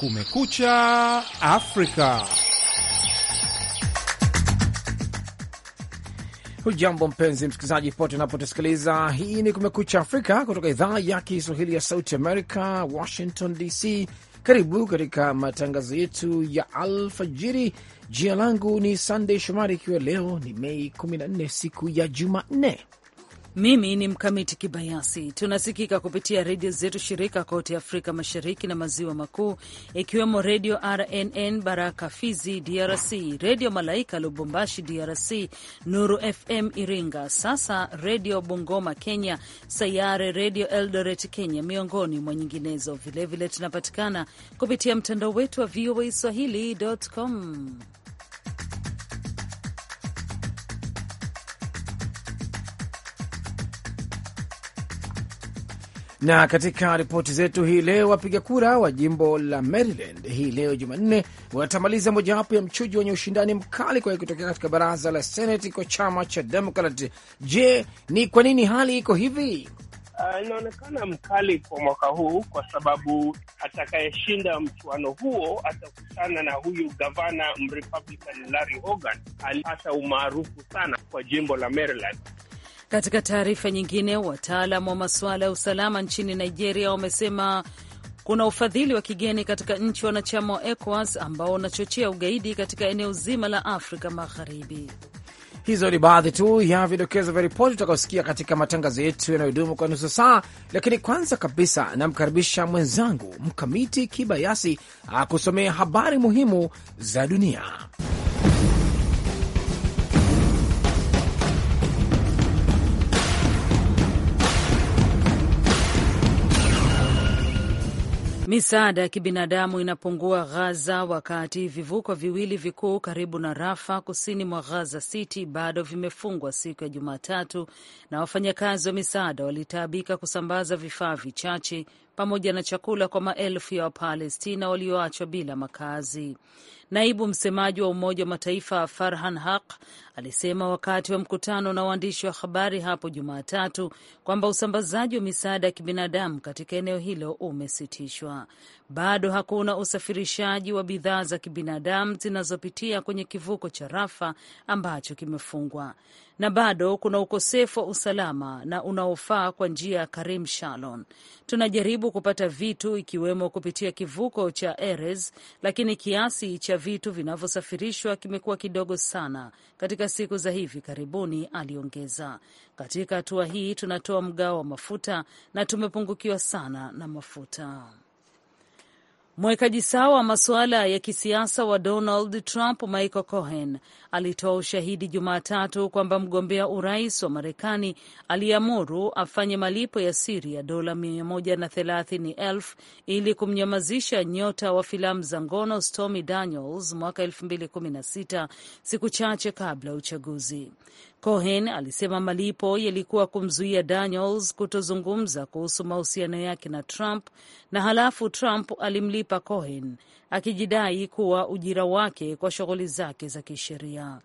Kumekucha Afrika. Hujambo mpenzi msikilizaji, pote unapotusikiliza. Hii ni Kumekucha Afrika kutoka idhaa ya Kiswahili ya Sauti Amerika, Washington DC. Karibu katika matangazo yetu ya alfajiri. Jina langu ni Sandey Shomari, ikiwa leo ni Mei 14 siku ya Jumanne mimi ni Mkamiti Kibayasi. Tunasikika kupitia redio zetu shirika kote Afrika Mashariki na Maziwa Makuu, ikiwemo Redio RNN Baraka Fizi DRC, Redio Malaika Lubumbashi DRC, Nuru FM Iringa, Sasa Redio Bungoma Kenya, Sayare Redio Eldoret Kenya, miongoni mwa nyinginezo. Vilevile tunapatikana kupitia mtandao wetu wa VOA swahili.com. Na katika ripoti zetu hii leo, wapiga kura wa jimbo la Maryland hii leo Jumanne watamaliza mojawapo ya mchujo wenye ushindani mkali kwa kutokea katika baraza la senati kwa chama cha Demokrat. Je, ni kwa nini hali iko hivi? Uh, inaonekana mkali kwa mwaka huu kwa sababu atakayeshinda mchuano huo atakutana na huyu gavana mrepublican Larry Hogan, alipata umaarufu sana kwa jimbo la Maryland. Katika taarifa nyingine, wataalam wa masuala ya usalama nchini Nigeria wamesema kuna ufadhili wa kigeni katika nchi wanachama wa ECOWAS ambao unachochea ugaidi katika eneo zima la Afrika Magharibi. Hizo ni baadhi tu ya vidokezo vya ripoti utakaosikia katika matangazo yetu yanayodumu kwa nusu saa, lakini kwanza kabisa namkaribisha mwenzangu Mkamiti Kibayasi akusomea habari muhimu za dunia. Misaada ya kibinadamu inapungua Ghaza, wakati vivuko viwili vikuu karibu na Rafa, kusini mwa Ghaza City, bado vimefungwa siku ya Jumatatu, na wafanyakazi wa misaada walitaabika kusambaza vifaa vichache pamoja na chakula kwa maelfu ya Wapalestina walioachwa bila makazi. Naibu msemaji wa Umoja wa Mataifa Farhan Haq alisema wakati wa mkutano na waandishi wa habari hapo Jumatatu kwamba usambazaji wa misaada ya kibinadamu katika eneo hilo umesitishwa bado hakuna usafirishaji wa bidhaa za kibinadamu zinazopitia kwenye kivuko cha Rafa ambacho kimefungwa na bado kuna ukosefu wa usalama na unaofaa kwa njia ya Karim Shalom. Tunajaribu kupata vitu ikiwemo kupitia kivuko cha Erez, lakini kiasi cha vitu vinavyosafirishwa kimekuwa kidogo sana katika siku za hivi karibuni, aliongeza. Katika hatua hii tunatoa mgao wa mafuta na tumepungukiwa sana na mafuta. Mwekaji sawa wa masuala ya kisiasa wa Donald Trump, Michael Cohen, alitoa ushahidi Jumatatu kwamba mgombea urais wa Marekani aliamuru afanye malipo ya siri ya dola 130,000 ili kumnyamazisha nyota wa filamu za ngono Stormy Daniels mwaka 2016 siku chache kabla ya uchaguzi. Cohen alisema malipo yalikuwa kumzuia Daniels kutozungumza kuhusu mahusiano yake na Trump, na halafu Trump alimlipa Cohen akijidai kuwa ujira wake kwa shughuli zake za kisheria.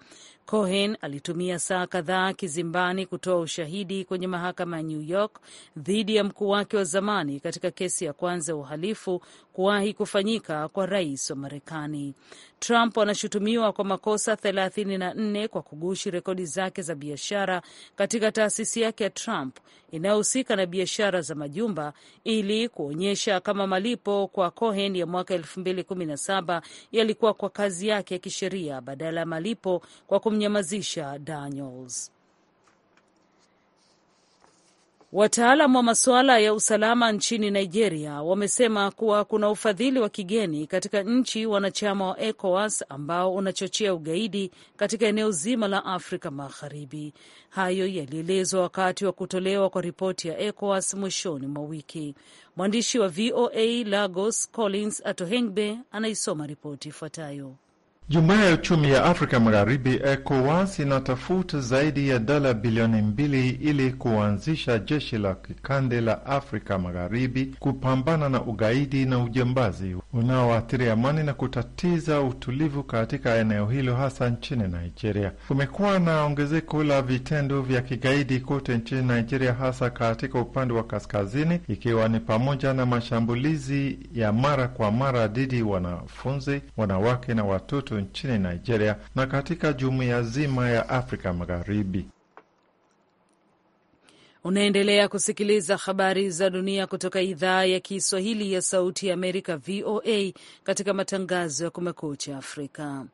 Cohen alitumia saa kadhaa kizimbani kutoa ushahidi kwenye mahakama ya New York dhidi ya mkuu wake wa zamani katika kesi ya kwanza ya uhalifu kuwahi kufanyika kwa rais wa Marekani. Trump anashutumiwa kwa makosa 34 kwa kugushi rekodi zake za biashara katika taasisi yake ya Trump inayohusika na biashara za majumba ili kuonyesha kama malipo kwa Cohen ya mwaka 2017 yalikuwa kwa kazi yake ya kisheria badala ya malipo kwa kumnyamazisha Daniels. Wataalam wa masuala ya usalama nchini Nigeria wamesema kuwa kuna ufadhili wa kigeni katika nchi wanachama wa ECOWAS ambao unachochea ugaidi katika eneo zima la Afrika Magharibi. Hayo yalielezwa wakati wa kutolewa kwa ripoti ya ECOWAS mwishoni mwa wiki. Mwandishi wa VOA Lagos, Collins Atohengbe, anaisoma ripoti ifuatayo. Jumuiya ya uchumi ya Afrika Magharibi, ECOWAS, inatafuta zaidi ya dola bilioni mbili ili kuanzisha jeshi la kikande la Afrika Magharibi kupambana na ugaidi na ujambazi unaoathiri amani na kutatiza utulivu katika eneo hilo, hasa nchini Nigeria. Kumekuwa na ongezeko la vitendo vya kigaidi kote nchini Nigeria, hasa katika upande wa kaskazini, ikiwa ni pamoja na mashambulizi ya mara kwa mara dhidi wanafunzi, wanawake na watoto watu nchini Nigeria na katika jumuiya zima ya Afrika Magharibi. Unaendelea kusikiliza habari za dunia kutoka idhaa ya Kiswahili ya Sauti ya Amerika, VOA, katika matangazo ya Kumekucha Afrika.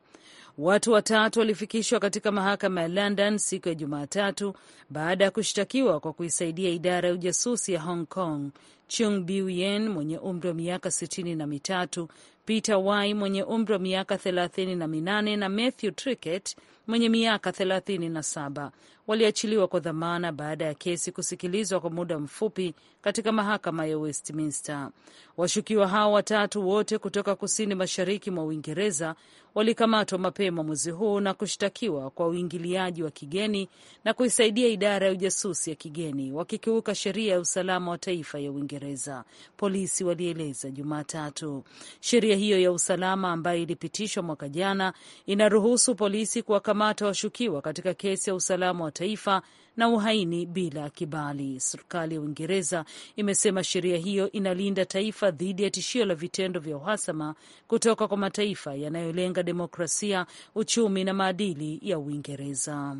Watu watatu walifikishwa katika mahakama ya London siku ya Jumatatu baada ya kushtakiwa kwa kuisaidia idara ya ujasusi ya Hong Kong. Chung Biuyen mwenye umri wa miaka sitini na mitatu Peter Wai mwenye umri wa miaka 38 na na Matthew Trickett mwenye miaka 37 waliachiliwa kwa dhamana baada ya kesi kusikilizwa kwa muda mfupi katika mahakama ya Westminster. Washukiwa hao watatu wote kutoka kusini mashariki mwa Uingereza walikamatwa mapema mwezi huu na kushtakiwa kwa uingiliaji wa kigeni na kuisaidia idara ya ujasusi ya kigeni, wakikiuka sheria ya usalama wa taifa ya Uingereza, polisi walieleza Jumatatu. Sheria hiyo ya usalama ambayo ilipitishwa mwaka jana inaruhusu polisi kuwakamata washukiwa katika kesi ya usalama wa Mataifa na uhaini bila kibali. Serikali ya Uingereza imesema sheria hiyo inalinda taifa dhidi ya tishio la vitendo vya uhasama kutoka kwa mataifa yanayolenga demokrasia, uchumi na maadili ya Uingereza.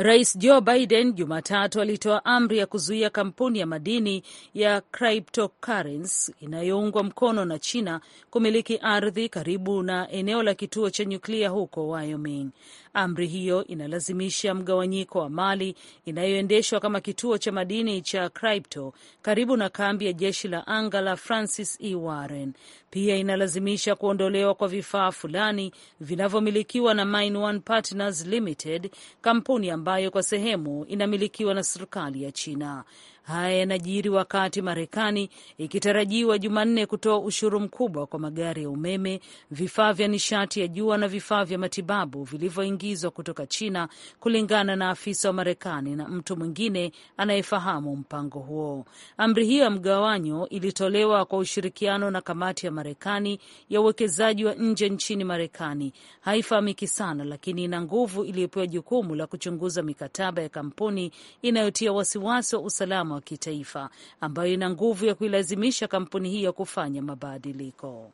Rais Joe Biden Jumatatu alitoa amri ya kuzuia kampuni ya madini ya cryptocurrency inayoungwa mkono na China kumiliki ardhi karibu na eneo la kituo cha nyuklia huko Wyoming. Amri hiyo inalazimisha mgawanyiko wa mali inayoendeshwa kama kituo cha madini cha crypto karibu na kambi ya jeshi la anga la Francis E. Warren. Pia inalazimisha kuondolewa kwa vifaa fulani vinavyomilikiwa na Mine One Partners Limited, kampuni ambayo kwa sehemu inamilikiwa na serikali ya China. Haya yanajiri wakati Marekani ikitarajiwa Jumanne kutoa ushuru mkubwa kwa magari ya umeme, vifaa vya nishati ya jua na vifaa vya matibabu vilivyoingizwa kutoka China, kulingana na afisa wa Marekani na mtu mwingine anayefahamu mpango huo. Amri hiyo ya mgawanyo ilitolewa kwa ushirikiano na kamati ya Marekani ya uwekezaji wa nje nchini Marekani. Haifahamiki sana, lakini ina nguvu iliyopewa jukumu la kuchunguza mikataba ya kampuni inayotia wasiwasi wa usalama wa kitaifa ambayo ina nguvu ya kuilazimisha kampuni hiyo kufanya mabadiliko.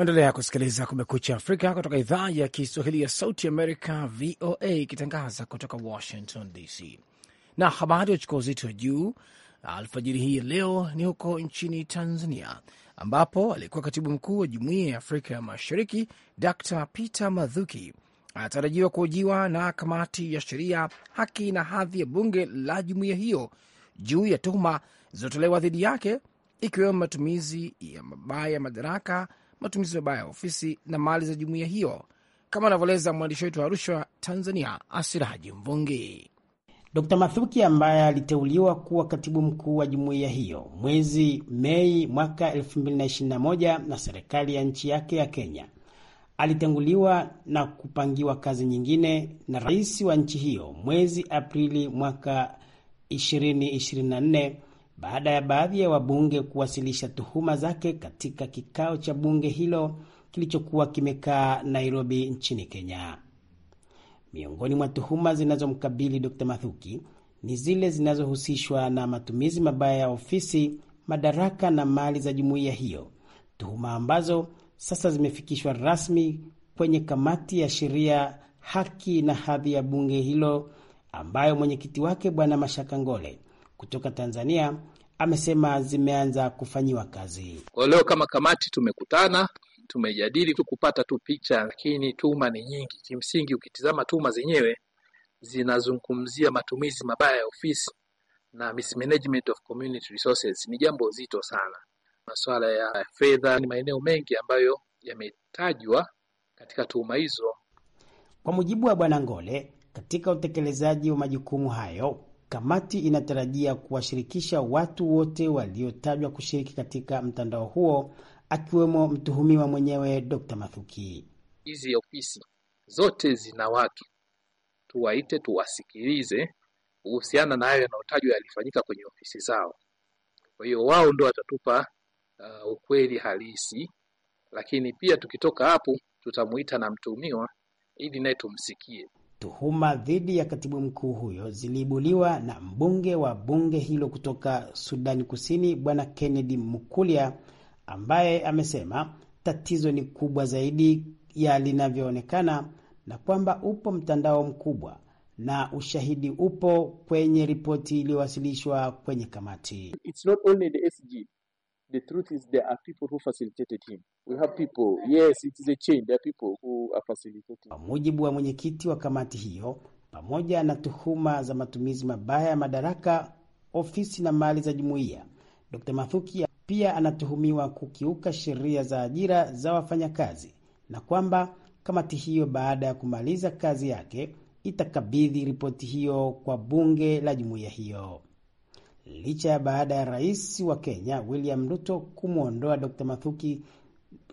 Endelea kusikiliza Kumekucha Afrika kutoka idhaa ya Kiswahili ya Sauti Amerika, VOA, ikitangaza kutoka Washington DC. Na habari wachukua uzito wa juu alfajiri hii ya leo ni huko nchini Tanzania, ambapo aliyekuwa katibu mkuu wa Jumuiya ya Afrika ya Mashariki Dr Peter madhuki anatarajiwa kuhojiwa na kamati ya sheria, haki na hadhi ya bunge la jumuiya hiyo juu ya tuhuma zilizotolewa dhidi yake, ikiwemo matumizi ya mabaya ya madaraka, matumizi mabaya ya ofisi na mali za jumuiya hiyo, kama anavyoeleza mwandishi wetu wa Arusha, Tanzania, Asiraji Mvungi. Dr. Mathuki ambaye aliteuliwa kuwa katibu mkuu wa jumuiya hiyo mwezi Mei mwaka 2021 na serikali ya nchi yake ya Kenya, alitenguliwa na kupangiwa kazi nyingine na rais wa nchi hiyo mwezi Aprili mwaka 2024 baada ya baadhi ya wabunge kuwasilisha tuhuma zake katika kikao cha bunge hilo kilichokuwa kimekaa Nairobi nchini Kenya. Miongoni mwa tuhuma zinazomkabili Dr. Mathuki ni zile zinazohusishwa na matumizi mabaya ya ofisi, madaraka na mali za jumuiya hiyo, tuhuma ambazo sasa zimefikishwa rasmi kwenye kamati ya sheria, haki na hadhi ya bunge hilo ambayo mwenyekiti wake Bwana Mashaka Ngole kutoka Tanzania amesema zimeanza kufanyiwa kazi. Kwa leo kama kamati tumekutana tumejadili tu kupata tu picha, lakini tuhuma ni nyingi. Kimsingi, ukitizama tuhuma zenyewe zinazungumzia matumizi mabaya ya ofisi na mismanagement of community resources. Ni jambo zito sana. Masuala ya fedha ni maeneo mengi ambayo yametajwa katika tuhuma hizo. Kwa mujibu wa Bwana Ngole, katika utekelezaji wa majukumu hayo, kamati inatarajia kuwashirikisha watu wote waliotajwa kushiriki katika mtandao huo akiwemo mtuhumiwa mwenyewe Dr. Mathuki. Hizi ofisi zote zina watu, tuwaite tuwasikilize kuhusiana na hayo yanayotajwa yalifanyika kwenye ofisi zao. Kwa hiyo wao ndo watatupa uh, ukweli halisi, lakini pia tukitoka hapo tutamuita na mtuhumiwa ili naye tumsikie. Tuhuma dhidi ya katibu mkuu huyo ziliibuliwa na mbunge wa bunge hilo kutoka Sudani Kusini, Bwana Kennedy Mukulia ambaye amesema tatizo ni kubwa zaidi ya linavyoonekana na kwamba upo mtandao mkubwa na ushahidi upo kwenye ripoti iliyowasilishwa kwenye kamati. It's not only the SG. The truth is there are people who facilitated him. We have people. Yes, it is a chain. There are people who are facilitating. Kwa mujibu wa mwenyekiti wa kamati hiyo, pamoja na tuhuma za matumizi mabaya ya madaraka, ofisi na mali za jumuiya, Dr. Mathuki pia anatuhumiwa kukiuka sheria za ajira za wafanyakazi na kwamba kamati hiyo baada ya kumaliza kazi yake itakabidhi ripoti hiyo kwa bunge la jumuiya hiyo. Licha ya baada ya rais wa Kenya William Ruto kumwondoa Dr. Mathuki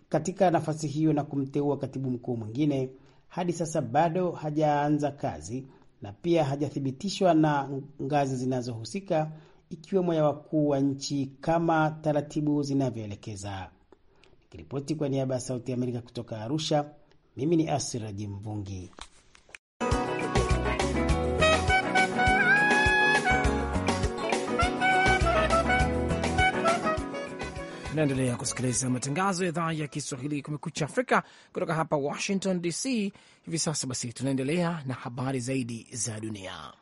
katika nafasi hiyo na kumteua katibu mkuu mwingine, hadi sasa bado hajaanza kazi na pia hajathibitishwa na ngazi zinazohusika ikiwemo ya wakuu wa nchi kama taratibu zinavyoelekeza. Nikiripoti kwa niaba ya Sauti ya Amerika kutoka Arusha, mimi ni Asir Mvungi. Naendelea kusikiliza matangazo ya idhaa ya Kiswahili Kumekucha Afrika kutoka hapa Washington DC hivi sasa. Basi tunaendelea na habari zaidi za dunia.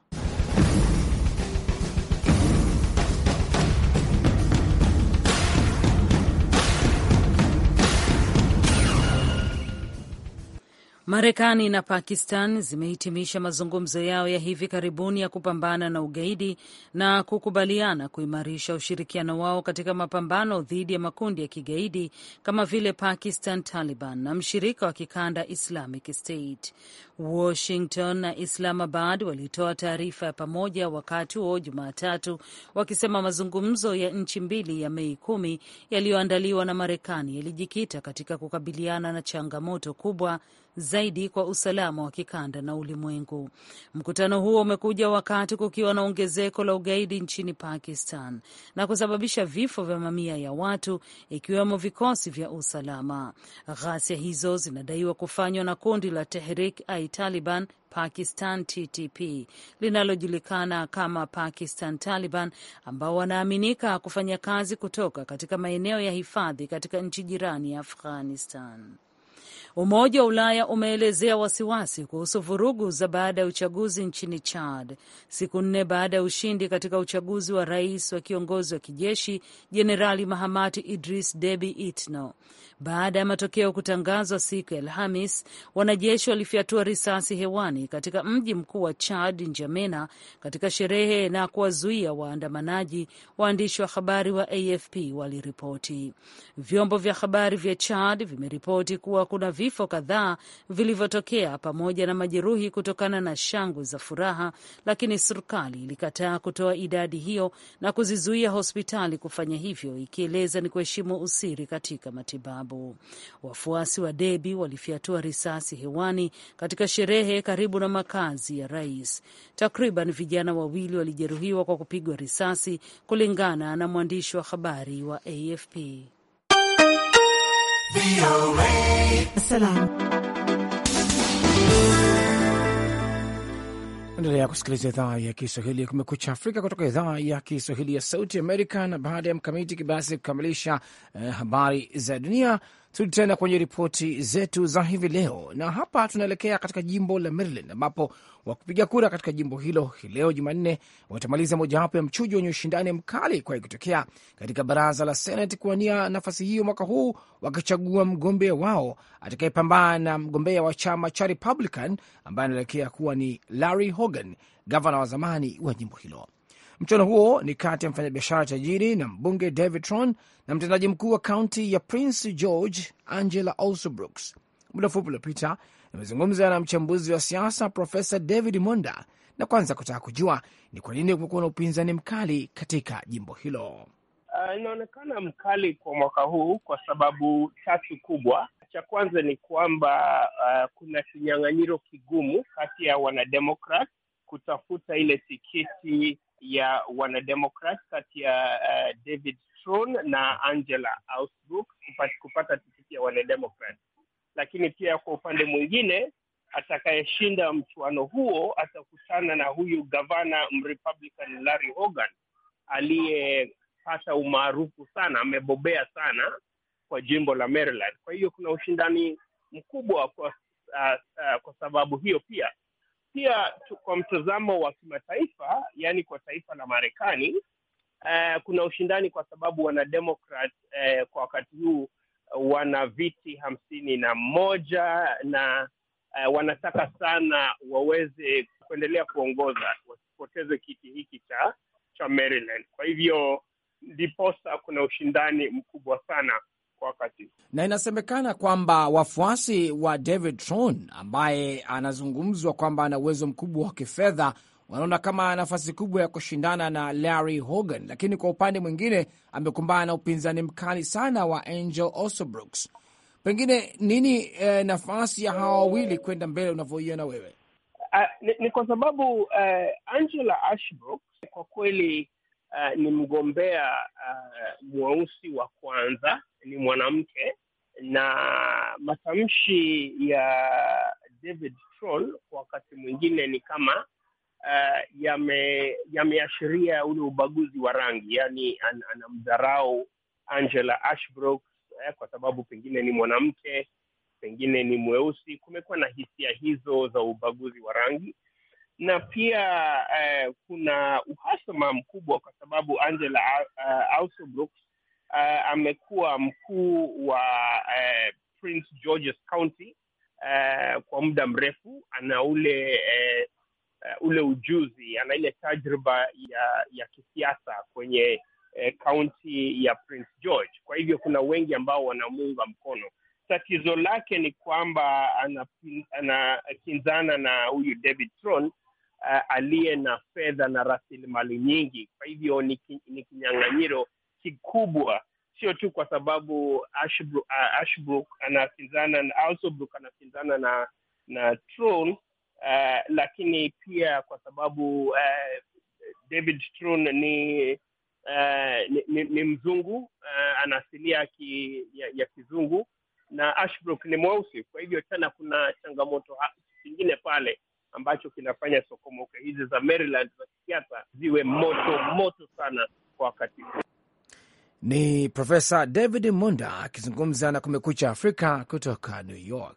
Marekani na Pakistan zimehitimisha mazungumzo yao ya hivi karibuni ya kupambana na ugaidi na kukubaliana kuimarisha ushirikiano wao katika mapambano dhidi ya makundi ya kigaidi kama vile Pakistan Taliban na mshirika wa kikanda Islamic State. Washington na Islamabad walitoa taarifa ya pamoja wakati huo Jumatatu, wakisema mazungumzo ya nchi mbili ya Mei kumi yaliyoandaliwa na Marekani yalijikita katika kukabiliana na changamoto kubwa zaidi kwa usalama wa kikanda na ulimwengu. Mkutano huo umekuja wakati kukiwa na ongezeko la ugaidi nchini Pakistan na kusababisha vifo vya mamia ya watu, ikiwemo vikosi vya usalama. Ghasia hizo zinadaiwa kufanywa na kundi la Tehrik-i-Taliban Pakistan TTP linalojulikana kama Pakistan Taliban ambao wanaaminika kufanya kazi kutoka katika maeneo ya hifadhi katika nchi jirani ya Afghanistan. Umoja wa Ulaya umeelezea wasiwasi kuhusu vurugu za baada ya uchaguzi nchini Chad, siku nne baada ya ushindi katika uchaguzi wa rais wa kiongozi wa kijeshi Jenerali Mahamati Idris Debi Itno. Baada ya matokeo kutangazwa siku ya Alhamis, wanajeshi walifyatua risasi hewani katika mji mkuu wa Chad, Njamena, katika sherehe na kuwazuia waandamanaji, waandishi wa habari wa AFP waliripoti. Vyombo vya habari vya Chad vimeripoti kuwa kuna vifo kadhaa vilivyotokea pamoja na majeruhi kutokana na shangwe za furaha, lakini serikali ilikataa kutoa idadi hiyo na kuzizuia hospitali kufanya hivyo, ikieleza ni kuheshimu usiri katika matibabu. Kiarabu. Wafuasi wa debi walifyatua risasi hewani katika sherehe karibu na makazi ya rais. Takriban vijana wawili walijeruhiwa kwa kupigwa risasi, kulingana na mwandishi wa habari wa AFP. Salam. Endelea kusikiliza idhaa ya Kiswahili ya Kumekucha Afrika kutoka idhaa ya Kiswahili ya Sauti Amerika. Na baada ya Mkamiti Kibasi kukamilisha eh, habari za dunia, Turudi tena kwenye ripoti zetu za hivi leo, na hapa tunaelekea katika jimbo la Maryland ambapo wakupiga kura katika jimbo hilo hii leo Jumanne watamaliza mojawapo ya mchujo wenye ushindani mkali kwa ikitokea katika baraza la Senate kuwania nafasi hiyo mwaka huu, wakichagua mgombea wao atakayepambana na mgombea wa chama cha Republican ambaye anaelekea kuwa ni Larry Hogan, gavana wa zamani wa jimbo hilo. Mchuano huo ni kati ya mfanyabiashara tajiri na mbunge David Tron na mtendaji mkuu wa kaunti ya Prince George Angela Alsobrooks. Muda mfupi uliopita nimezungumza na mchambuzi wa siasa Profesa David Monda na kwanza kutaka kujua ni kwa nini kumekuwa na upinzani mkali katika jimbo hilo. Uh, inaonekana mkali kwa mwaka huu kwa sababu tatu kubwa. Cha kwanza ni kwamba uh, kuna kinyang'anyiro kigumu kati ya wanademokrat kutafuta ile tikiti ya wanademokrat kati ya uh, David Stone na Angela Ausbrook kupata, kupata tikiti ya wanademokrat, lakini pia kwa upande mwingine atakayeshinda mchuano huo atakutana na huyu gavana mrepublican Larry Hogan aliyepata umaarufu sana, amebobea sana kwa jimbo la Maryland. Kwa hiyo kuna ushindani mkubwa kwa, uh, uh, kwa sababu hiyo pia pia kwa mtazamo wa kimataifa, yaani kwa taifa la Marekani, uh, kuna ushindani kwa sababu wanademokrat uh, eh, kwa wakati huu wana viti hamsini na moja na uh, wanataka sana waweze kuendelea kuongoza, wasipoteze kiti hiki cha cha Maryland. Kwa hivyo ndiposa kuna ushindani mkubwa sana wakati Na inasemekana kwamba wafuasi wa David Tron ambaye anazungumzwa kwamba ana uwezo mkubwa wa kifedha wanaona kama nafasi kubwa ya kushindana na Larry Hogan, lakini kwa upande mwingine amekumbana na upinzani mkali sana wa Angel Osebrooks. Pengine nini eh, nafasi ya hawa wawili kwenda mbele unavyoiona wewe? Uh, ni, ni kwa sababu uh, Angela Ashbrook kwa kweli uh, ni mgombea uh, mweusi wa kwanza ni mwanamke na matamshi ya David Troll kwa wakati mwingine ni kama uh, yameashiria yame ule ubaguzi wa rangi, yaani an, anamdharau Angela Ashbrooks eh, kwa sababu pengine ni mwanamke, pengine ni mweusi. Kumekuwa na hisia hizo za ubaguzi wa rangi na pia eh, kuna uhasama mkubwa kwa sababu Angela uh, eh, Alsobrook uh, amekuwa mkuu wa uh, Prince George's County uh, kwa muda mrefu. Ana ule uh, uh, ule ujuzi, ana ile tajriba ya ya kisiasa kwenye kaunti uh, ya Prince George. Kwa hivyo kuna wengi ambao wanamuunga mkono. Tatizo lake ni kwamba anakinzana ana, na huyu David Tron uh, aliye na fedha na rasilimali nyingi, kwa hivyo ni kinyang'anyiro kikubwa, sio tu kwa sababu Ashbrook, uh, Ashbrook na Alsobrook anapinzana na na Throne, uh, lakini pia kwa sababu uh, David Throne ni, uh, ni, ni ni mzungu uh, ana asilia ki, ya, ya kizungu na Ashbrook ni mweusi. Kwa hivyo tena kuna changamoto zingine pale ambacho kinafanya sokomoke hizi za Maryland za kisiasa ziwe moto moto sana kwa wakati huu. Ni Profesa David Munda akizungumza na Kumekucha Afrika kutoka New York.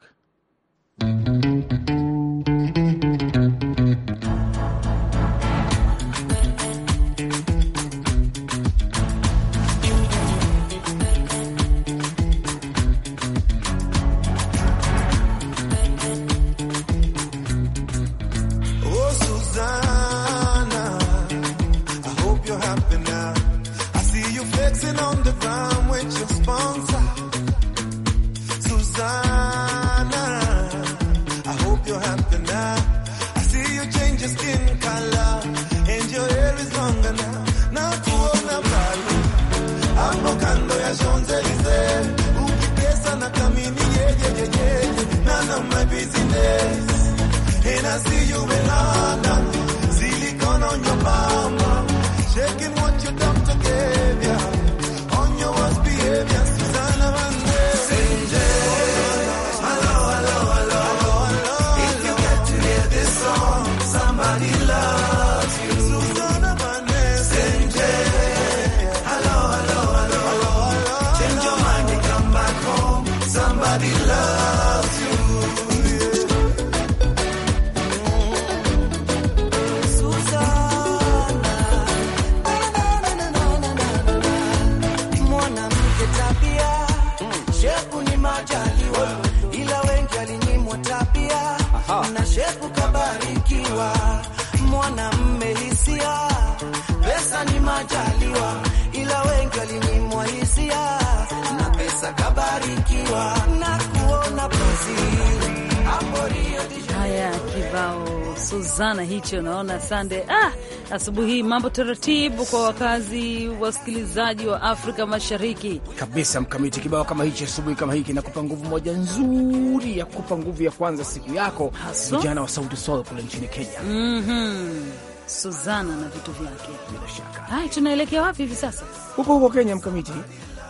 sana hicho, naona sande. Ah, asubuhi mambo taratibu kwa wakazi wasikilizaji wa Afrika Mashariki kabisa. Mkamiti kibao kama hichi asubuhi kama hii kinakupa nguvu moja nzuri ya kupa nguvu ya kwanza siku yako, vijana wa Sauti Sol kule nchini Kenya. mm -hmm. Suzana na vitu vyake. Bila shaka. Hai, tunaelekea wapi hivi sasa? Huko huko Kenya mkamiti,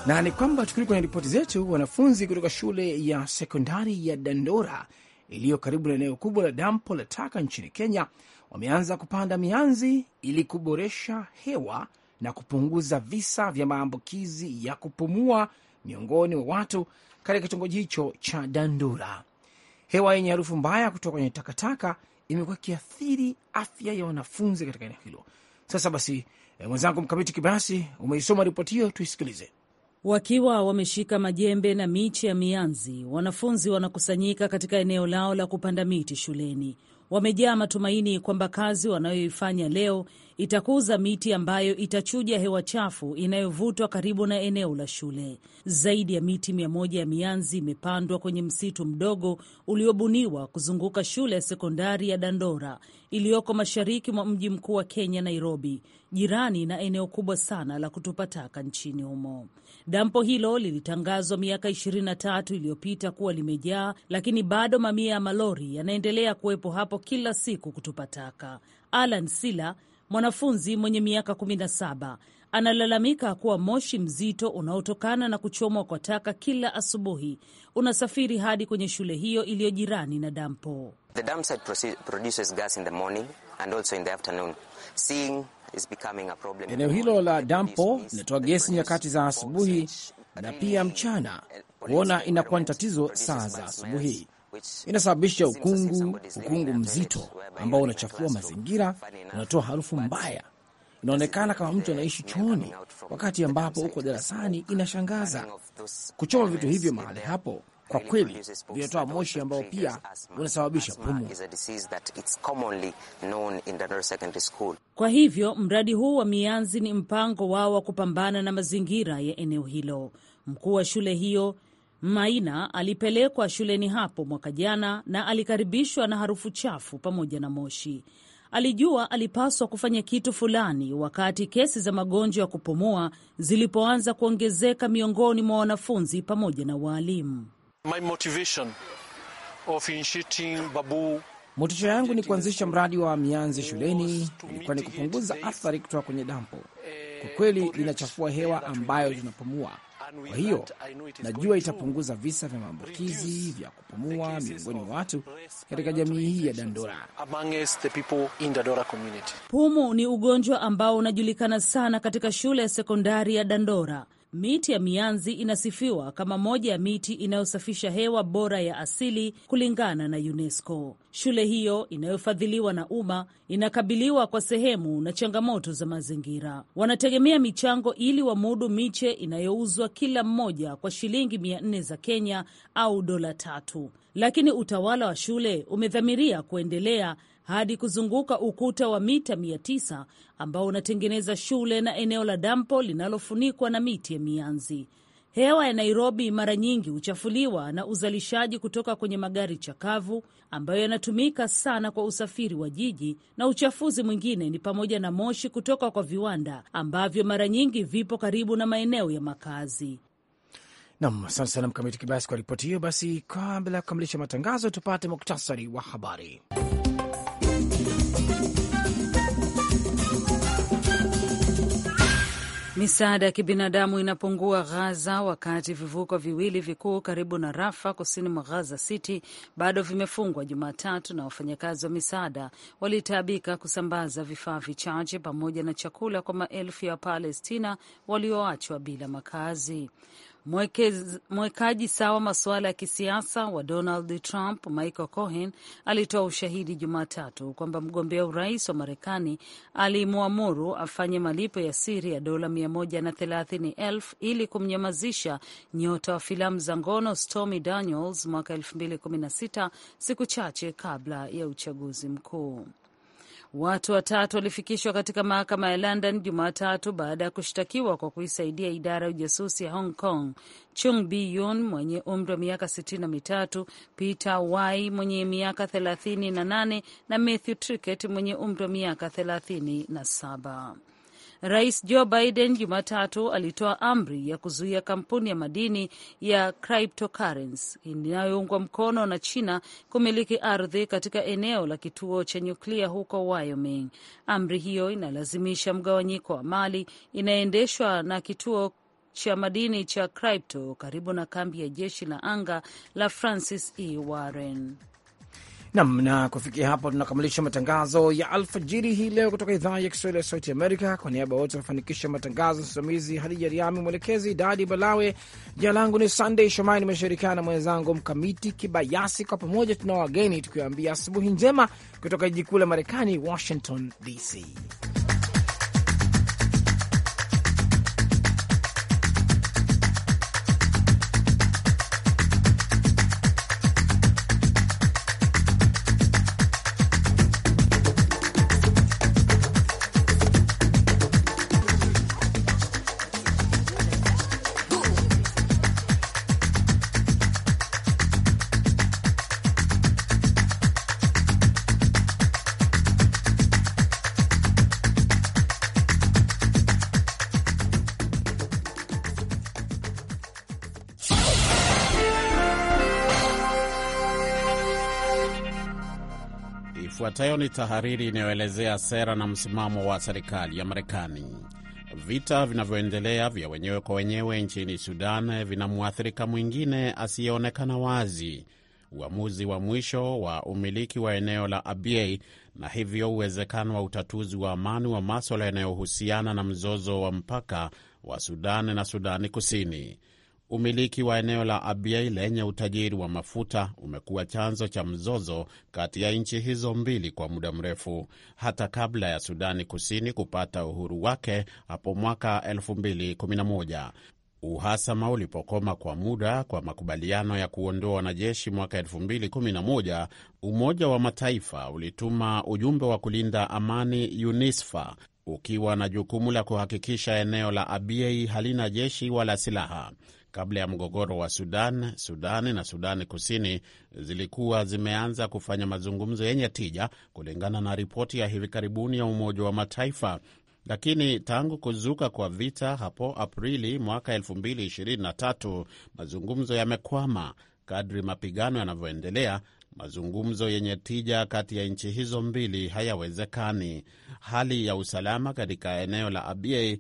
na ni kwamba tukirudi kwenye ripoti zetu, wanafunzi kutoka shule ya sekondari ya Dandora iliyo karibu na eneo kubwa la dampo la taka nchini Kenya wameanza kupanda mianzi ili kuboresha hewa na kupunguza visa vya maambukizi ya kupumua miongoni mwa watu katika kitongoji hicho cha Dandura. Hewa yenye harufu mbaya kutoka kwenye takataka imekuwa ikiathiri afya ya wanafunzi katika eneo hilo. Sasa basi, eh, mwenzangu Mkamiti Kibayasi umeisoma ripoti hiyo, tuisikilize. Wakiwa wameshika majembe na miche ya mianzi, wanafunzi wanakusanyika katika eneo lao la kupanda miti shuleni, wamejaa matumaini kwamba kazi wanayoifanya leo itakuza miti ambayo itachuja hewa chafu inayovutwa karibu na eneo la shule. Zaidi ya miti mia moja ya mianzi imepandwa kwenye msitu mdogo uliobuniwa kuzunguka shule ya sekondari ya Dandora iliyoko mashariki mwa mji mkuu wa Kenya, Nairobi, jirani na eneo kubwa sana la kutupa taka nchini humo. Dampo hilo lilitangazwa miaka 23 iliyopita kuwa limejaa, lakini bado mamia ya malori yanaendelea kuwepo hapo kila siku kutupa taka. Alan Sila, mwanafunzi mwenye miaka 17, analalamika kuwa moshi mzito unaotokana na kuchomwa kwa taka kila asubuhi unasafiri hadi kwenye shule hiyo iliyo jirani na dampo. Eneo hilo la dampo linatoa gesi nyakati za asubuhi na pia mchana. Kuona inakuwa ni tatizo saa za asubuhi inasababisha ukungu, ukungu mzito ambao unachafua mazingira, unatoa harufu mbaya. Inaonekana kama mtu anaishi chooni, wakati ambapo uko darasani. Inashangaza kuchoma vitu hivyo mahali hapo, kwa kweli vinatoa moshi ambao pia unasababisha pumu. Kwa hivyo mradi huu wa mianzi ni mpango wao wa kupambana na mazingira ya eneo hilo. Mkuu wa shule hiyo Maina alipelekwa shuleni hapo mwaka jana na alikaribishwa na harufu chafu pamoja na moshi. Alijua alipaswa kufanya kitu fulani wakati kesi za magonjwa ya kupumua zilipoanza kuongezeka miongoni mwa wanafunzi pamoja na waalimu. My motivation of initiating Babu yangu ni kuanzisha mradi wa mianzi shuleni ilikuwa ni kupunguza athari kutoka kwenye dampo. Kwa eh, kweli linachafua hewa ambayo tunapumua kwa hiyo najua itapunguza visa vya maambukizi vya kupumua miongoni mwa watu katika jamii hii ya Dandora. Pumu ni ugonjwa ambao unajulikana sana katika shule ya sekondari ya Dandora Miti ya mianzi inasifiwa kama moja ya miti inayosafisha hewa bora ya asili kulingana na UNESCO. Shule hiyo inayofadhiliwa na umma inakabiliwa kwa sehemu na changamoto za mazingira. Wanategemea michango ili wamudu miche inayouzwa kila mmoja kwa shilingi mia nne za Kenya au dola tatu, lakini utawala wa shule umedhamiria kuendelea hadi kuzunguka ukuta wa mita 900 ambao unatengeneza shule na eneo la dampo linalofunikwa na miti ya mianzi. Hewa ya Nairobi mara nyingi huchafuliwa na uzalishaji kutoka kwenye magari chakavu ambayo yanatumika sana kwa usafiri wa jiji, na uchafuzi mwingine ni pamoja na moshi kutoka kwa viwanda ambavyo mara nyingi vipo karibu na maeneo ya makazi. Nam, asante sana Mkamiti Kibasi kwa ripoti hiyo. Basi kabla ya kukamilisha matangazo, tupate muktasari wa habari. Misaada ya kibinadamu inapungua Ghaza, wakati vivuko viwili vikuu karibu na Rafa, kusini mwa Ghaza City, bado vimefungwa Jumatatu, na wafanyakazi wa misaada walitaabika kusambaza vifaa vichache pamoja na chakula kwa maelfu ya wapalestina walioachwa bila makazi mwekaji sawa masuala ya kisiasa wa Donald Trump Michael Cohen alitoa ushahidi Jumatatu kwamba mgombea urais wa Marekani alimwamuru afanye malipo ya siri ya dola 130,000 ili kumnyamazisha nyota wa filamu za ngono Stormy Daniels mwaka 2016 siku chache kabla ya uchaguzi mkuu. Watu watatu walifikishwa katika mahakama ya London Jumatatu baada ya kushtakiwa kwa kuisaidia idara ya ujasusi ya Hong Kong. Chung yun mwenye umri wa miaka sitini na mitatu, Peter Wai mwenye miaka thelathini na nane na Matthew Trickett mwenye umri wa miaka thelathini na saba. Rais Joe Biden Jumatatu alitoa amri ya kuzuia kampuni ya madini ya cryptocurrency inayoungwa mkono na China kumiliki ardhi katika eneo la kituo cha nyuklia huko Wyoming. Amri hiyo inalazimisha mgawanyiko wa mali inaendeshwa na kituo cha madini cha Crypto karibu na kambi ya jeshi la anga la Francis E. Warren nam. Na kufikia hapo, tunakamilisha matangazo ya alfajiri hii leo kutoka idhaa ya Kiswahili ya Sauti Amerika. Kwa niaba wote wanafanikisha matangazo, msimamizi Hadija Riami, mwelekezi Dadi Balawe. Jina langu ni sandey shomai nimeshirikiana na mwenzangu Mkamiti Kibayasi. Kwa pamoja tuna wageni tukiwaambia asubuhi njema kutoka jiji kuu la Marekani, Washington DC. Ifuatayo ni tahariri inayoelezea sera na msimamo wa serikali ya Marekani. Vita vinavyoendelea vya wenyewe kwa wenyewe nchini Sudan vinamwathirika mwingine asiyeonekana wazi, uamuzi wa mwisho wa umiliki wa eneo la Abyei, na hivyo uwezekano wa utatuzi wa amani wa maswala yanayohusiana na mzozo wa mpaka wa Sudan na Sudani Kusini. Umiliki wa eneo la Abyei lenye utajiri wa mafuta umekuwa chanzo cha mzozo kati ya nchi hizo mbili kwa muda mrefu, hata kabla ya Sudani Kusini kupata uhuru wake hapo mwaka 2011. Uhasama ulipokoma kwa muda kwa makubaliano ya kuondoa wanajeshi mwaka 2011, Umoja wa Mataifa ulituma ujumbe wa kulinda amani UNISFA ukiwa na jukumu la kuhakikisha eneo la Abyei halina jeshi wala silaha. Kabla ya mgogoro wa Sudan, Sudani na Sudani Kusini zilikuwa zimeanza kufanya mazungumzo yenye tija kulingana na ripoti ya hivi karibuni ya Umoja wa Mataifa, lakini tangu kuzuka kwa vita hapo Aprili mwaka 2023 mazungumzo yamekwama. Kadri mapigano yanavyoendelea, mazungumzo yenye tija kati ya nchi hizo mbili hayawezekani. Hali ya usalama katika eneo la Abyei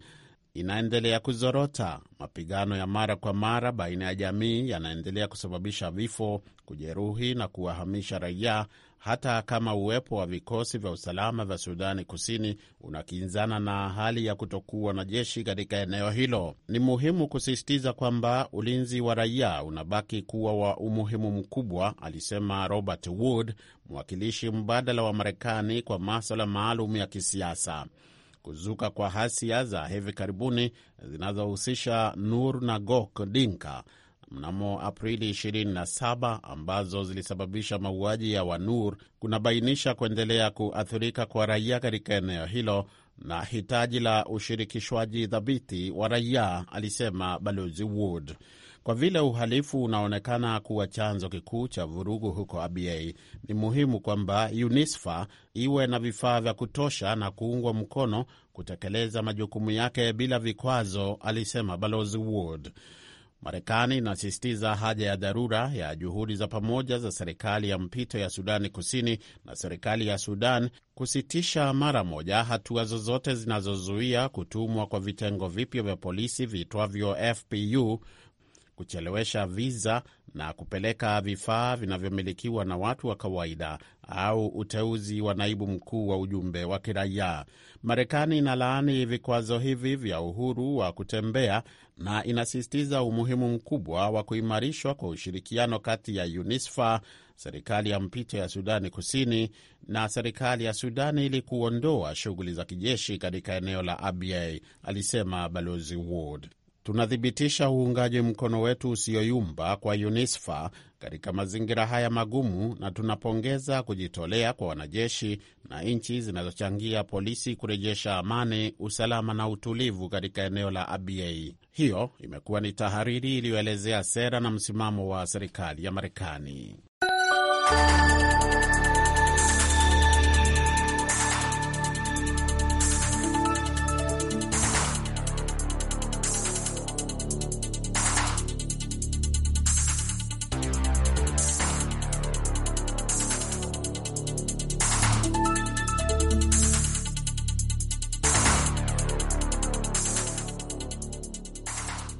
inaendelea kuzorota. Mapigano ya mara kwa mara baina ya jamii yanaendelea kusababisha vifo, kujeruhi na kuwahamisha raia, hata kama uwepo wa vikosi vya usalama vya Sudani Kusini unakinzana na hali ya kutokuwa na jeshi katika eneo hilo. Ni muhimu kusisitiza kwamba ulinzi wa raia unabaki kuwa wa umuhimu mkubwa, alisema Robert Wood, mwakilishi mbadala wa Marekani kwa maswala maalum ya kisiasa kuzuka kwa hasia za hivi karibuni zinazohusisha Nur na Gok Dinka mnamo Aprili 27 ambazo zilisababisha mauaji ya Wanur kunabainisha kuendelea kuathirika kwa raia katika eneo hilo na hitaji la ushirikishwaji dhabiti wa raia, alisema Balozi Wood. Kwa vile uhalifu unaonekana kuwa chanzo kikuu cha vurugu huko aba ni muhimu kwamba UNISFA iwe na vifaa vya kutosha na kuungwa mkono kutekeleza majukumu yake bila vikwazo, alisema Balozi Wood. Marekani inasisitiza haja ya dharura ya juhudi za pamoja za serikali ya mpito ya Sudani Kusini na serikali ya Sudan kusitisha mara moja hatua zozote zinazozuia kutumwa kwa vitengo vipya vya polisi viitwavyo FPU kuchelewesha viza na kupeleka vifaa vinavyomilikiwa na watu wa kawaida au uteuzi wa naibu mkuu wa ujumbe wa kiraia. Marekani inalaani vikwazo hivi vya uhuru wa kutembea na inasisitiza umuhimu mkubwa wa kuimarishwa kwa ushirikiano kati ya UNISFA, serikali ya mpito ya Sudani Kusini na serikali ya Sudani ili kuondoa shughuli za kijeshi katika eneo la Abyei, alisema Balozi Ward tunathibitisha uungaji mkono wetu usiyoyumba kwa UNISFA katika mazingira haya magumu na tunapongeza kujitolea kwa wanajeshi na nchi zinazochangia polisi kurejesha amani, usalama na utulivu katika eneo la Abyei. Hiyo imekuwa ni tahariri iliyoelezea sera na msimamo wa serikali ya Marekani.